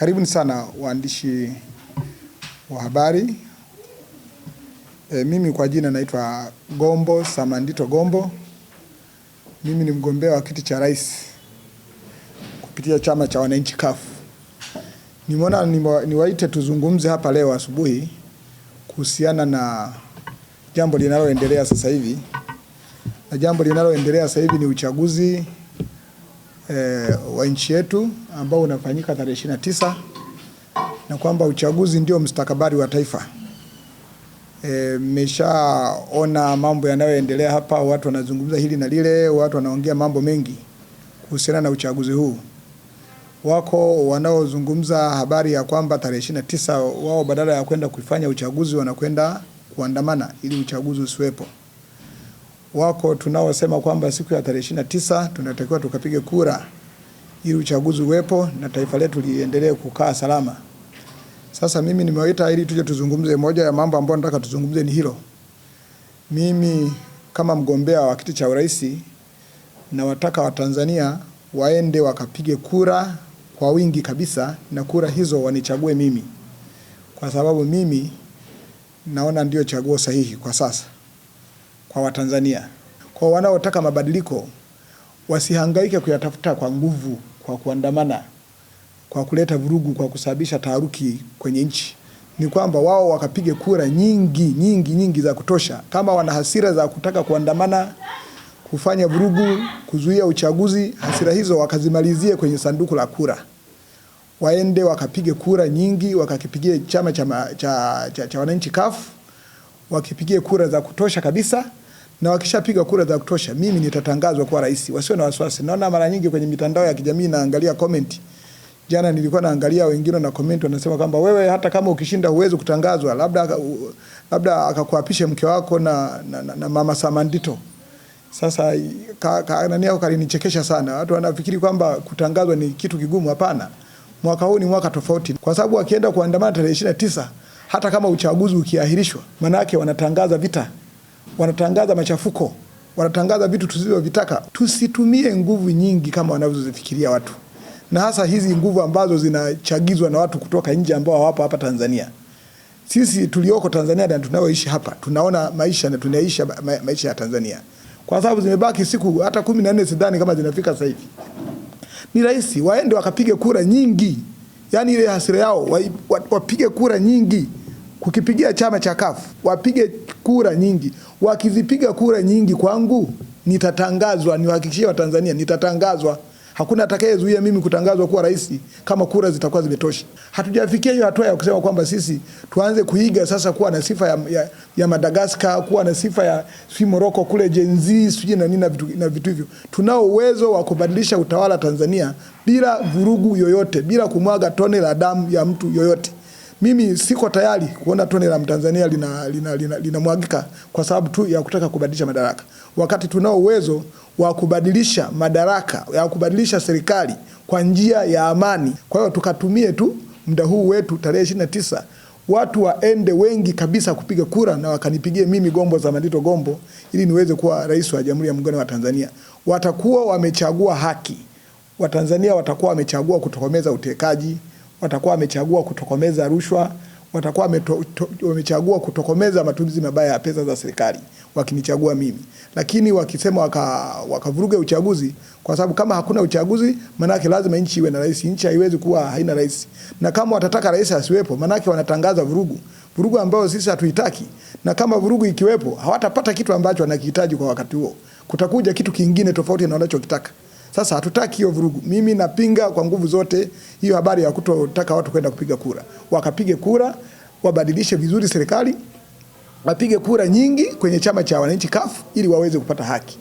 Karibuni sana waandishi wa habari. E, mimi kwa jina naitwa Gombo Samandito Gombo. Mimi ni mgombea wa kiti cha rais kupitia chama cha wananchi kafu. Nimeona niwaite tuzungumze hapa leo asubuhi kuhusiana na jambo linaloendelea sasa hivi, na jambo linaloendelea sasa hivi ni uchaguzi eh, wa nchi yetu ambao unafanyika tarehe 29 na kwamba uchaguzi ndio mustakabali wa taifa. Eh, mmeshaona e, mambo yanayoendelea hapa, watu wanazungumza hili na lile, watu wanaongea mambo mengi kuhusiana na uchaguzi huu. Wako wanaozungumza habari ya kwamba tarehe 29 tisa wao badala ya kwenda kufanya uchaguzi wanakwenda kuandamana ili uchaguzi usiwepo wako tunaosema kwamba siku ya tarehe ishirini na tisa tunatakiwa tukapige kura ili uchaguzi uwepo na taifa letu liendelee kukaa salama. Sasa mimi nimewaita ili tuje tuzungumze. Moja ya mambo ambayo nataka tuzungumze ni hilo. Mimi kama mgombea wa kiti cha urais nawataka Watanzania waende wakapige kura kwa wingi kabisa, na kura hizo wanichague mimi, kwa sababu mimi naona ndio chaguo sahihi kwa sasa kwa Watanzania. Kwa wanaotaka mabadiliko wasihangaike kuyatafuta kwa nguvu, kwa kuandamana, kwa kuleta vurugu, kwa kusababisha taharuki kwenye nchi. Ni kwamba wao wakapige kura nyingi nyingi nyingi za kutosha. Kama wana hasira za kutaka kuandamana, kufanya vurugu, kuzuia uchaguzi, hasira hizo wakazimalizie kwenye sanduku la kura, waende wakapige kura nyingi, wakakipigie chama cha cha, cha, cha wananchi kafu wakipigie kura za kutosha kabisa na wakishapiga kura za kutosha, mimi nitatangazwa kuwa rais. wasio na wasiwasi. Naona mara nyingi kwenye mitandao ya kijamii naangalia comment. Jana nilikuwa naangalia wengine na comment wanasema kwamba wewe hata kama ukishinda huwezi kutangazwa, labda labda akakuapisha mke wako na, na, na, na mama Samandito. Sasa ka, ka, nani yako kalinichekesha sana. Watu wanafikiri kwamba kutangazwa ni kitu kigumu. Hapana, mwaka huu ni mwaka tofauti, kwa sababu akienda kuandamana tarehe 29 hata kama uchaguzi ukiahirishwa, manake wanatangaza vita wanatangaza machafuko, wanatangaza vitu tusivyovitaka. Tusitumie nguvu nyingi kama wanavyozifikiria watu, na hasa hizi nguvu ambazo zinachagizwa na watu kutoka nje ambao hawapo hapa Tanzania. Sisi tulioko Tanzania na tunaoishi hapa tunaona maisha na tunaisha maisha ya Tanzania, kwa sababu zimebaki siku hata kumi na nne, sidhani kama zinafika sasa hivi. Ni rahisi waende wakapige kura nyingi, yani ile hasira yao wapige kura nyingi kukipigia chama cha kafu wapige kura nyingi. Wakizipiga kura nyingi kwangu nitatangazwa, niwahakikishie Watanzania nitatangazwa. Hakuna atakayezuia mimi kutangazwa kuwa rais kama kura zitakuwa zimetosha. Hatujafikia hiyo hatua ya kusema kwamba sisi tuanze kuiga sasa kuwa na sifa ya, ya, ya Madagaskar, kuwa na sifa ya si Moroko kule jenzi sijui na nini na vitu hivyo. Tunao uwezo wa kubadilisha utawala Tanzania bila vurugu yoyote, bila kumwaga tone la damu ya mtu yoyote mimi siko tayari kuona tone la Mtanzania linamwagika lina, lina, lina kwa sababu tu ya kutaka kubadilisha madaraka, wakati tunao uwezo wa kubadilisha madaraka ya kubadilisha serikali kwa njia ya amani. Kwa hiyo tukatumie tu muda huu wetu, tarehe ishirini na tisa watu waende wengi kabisa kupiga kura na wakanipigie mimi Gombo za Mandito Gombo ili niweze kuwa rais wa Jamhuri ya Muungano wa Tanzania. Watakuwa wamechagua haki, Watanzania watakuwa wamechagua kutokomeza utekaji watakuwa wamechagua kutokomeza rushwa, watakuwa wamechagua kutokomeza matumizi mabaya ya pesa za serikali wakinichagua mimi. Lakini wakisema wakavuruga waka uchaguzi, kwa sababu kama hakuna uchaguzi, manake lazima nchi iwe na rais. Nchi haiwezi kuwa haina rais, na kama watataka rais asiwepo, manake wanatangaza vurugu, vurugu ambayo sisi hatuitaki. Na kama vurugu ikiwepo, hawatapata kitu ambacho wanakihitaji kwa wakati huo, kutakuja kitu kingine tofauti na wanachokitaka. Sasa hatutaki hiyo vurugu. Mimi napinga kwa nguvu zote hiyo habari ya kutotaka watu kwenda kupiga kura. Wakapige kura, wabadilishe vizuri serikali, wapige kura nyingi kwenye chama cha wananchi CUF ili waweze kupata haki.